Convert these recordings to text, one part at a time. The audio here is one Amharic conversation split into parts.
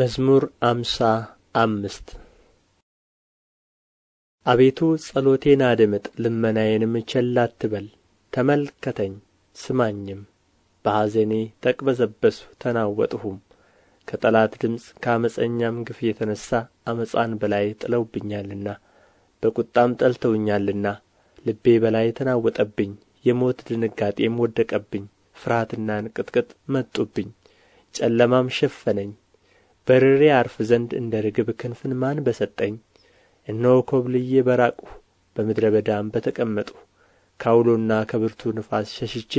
መዝሙር አምሳ አምስት አቤቱ ጸሎቴን አድምጥ ልመናዬንም ቸል አትበል ተመልከተኝ ስማኝም በሐዘኔ ተቅበዘበዝሁ ተናወጥሁም ከጠላት ድምፅ ከአመፀኛም ግፍ የተነሣ አመፃን በላይ ጥለውብኛልና በቁጣም ጠልተውኛልና ልቤ በላይ ተናወጠብኝ የሞት ድንጋጤም ወደቀብኝ ፍርሃትና እንቅጥቅጥ መጡብኝ ጨለማም ሸፈነኝ በርሬ አርፍ ዘንድ እንደ ርግብ ክንፍን ማን በሰጠኝ እነሆ ኮብልዬ በራቁ በምድረ በዳም በተቀመጡ ከዐውሎና ከብርቱ ንፋስ ሸሽቼ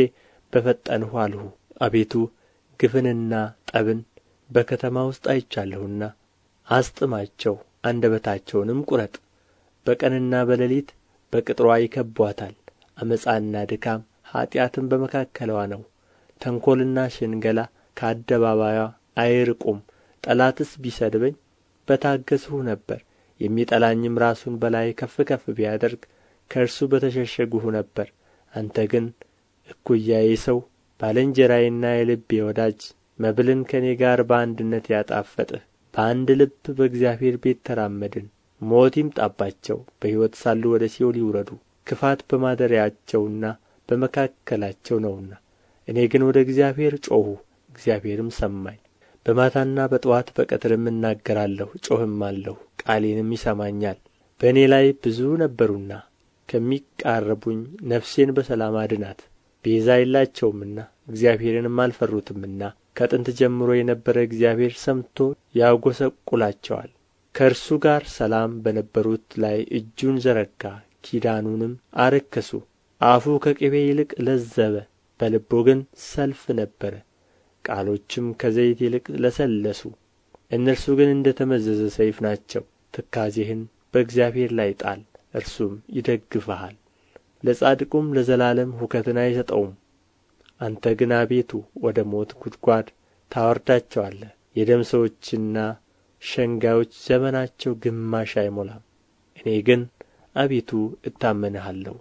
በፈጠንሁ አልሁ አቤቱ ግፍንና ጠብን በከተማ ውስጥ አይቻለሁና አስጥማቸው አንደበታቸውንም ቁረጥ በቀንና በሌሊት በቅጥሯ ይከቧታል ዓመፃና ድካም ኀጢአትም በመካከልዋ ነው ተንኰልና ሽንገላ ከአደባባይዋ አይርቁም ጠላትስ ቢሰድበኝ በታገሥሁ ነበር የሚጠላኝም ራሱን በላይ ከፍ ከፍ ቢያደርግ ከእርሱ በተሸሸግሁ ነበር አንተ ግን እኩያዬ ሰው ባልንጀራዬና የልቤ ወዳጅ መብልን ከእኔ ጋር በአንድነት ያጣፈጥህ በአንድ ልብ በእግዚአብሔር ቤት ተራመድን ሞት ይምጣባቸው በሕይወት ሳሉ ወደ ሲኦል ይውረዱ ክፋት በማደሪያቸውና በመካከላቸው ነውና እኔ ግን ወደ እግዚአብሔር ጮኹ፣ እግዚአብሔርም ሰማኝ በማታና በጥዋት በቀትርም እናገራለሁ አለሁ ቃሌንም ይሰማኛል በእኔ ላይ ብዙ ነበሩና ከሚቃረቡኝ ነፍሴን በሰላም አድናት ቤዛ የላቸውምና እግዚአብሔርንም አልፈሩትምና ከጥንት ጀምሮ የነበረ እግዚአብሔር ሰምቶ ያጐሰቁላቸዋል ከእርሱ ጋር ሰላም በነበሩት ላይ እጁን ዘረጋ ኪዳኑንም አረከሱ አፉ ከቅቤ ይልቅ ለዘበ በልቡ ግን ሰልፍ ነበረ ቃሎችም ከዘይት ይልቅ ለሰለሱ እነርሱ ግን እንደ ተመዘዘ ሰይፍ ናቸው ትካዜህን በእግዚአብሔር ላይ ጣል እርሱም ይደግፍሃል ለጻድቁም ለዘላለም ሁከትን አይሰጠውም አንተ ግን አቤቱ ወደ ሞት ጉድጓድ ታወርዳቸዋለህ የደም ሰዎችና ሸንጋዮች ዘመናቸው ግማሽ አይሞላም እኔ ግን አቤቱ እታመንሃለሁ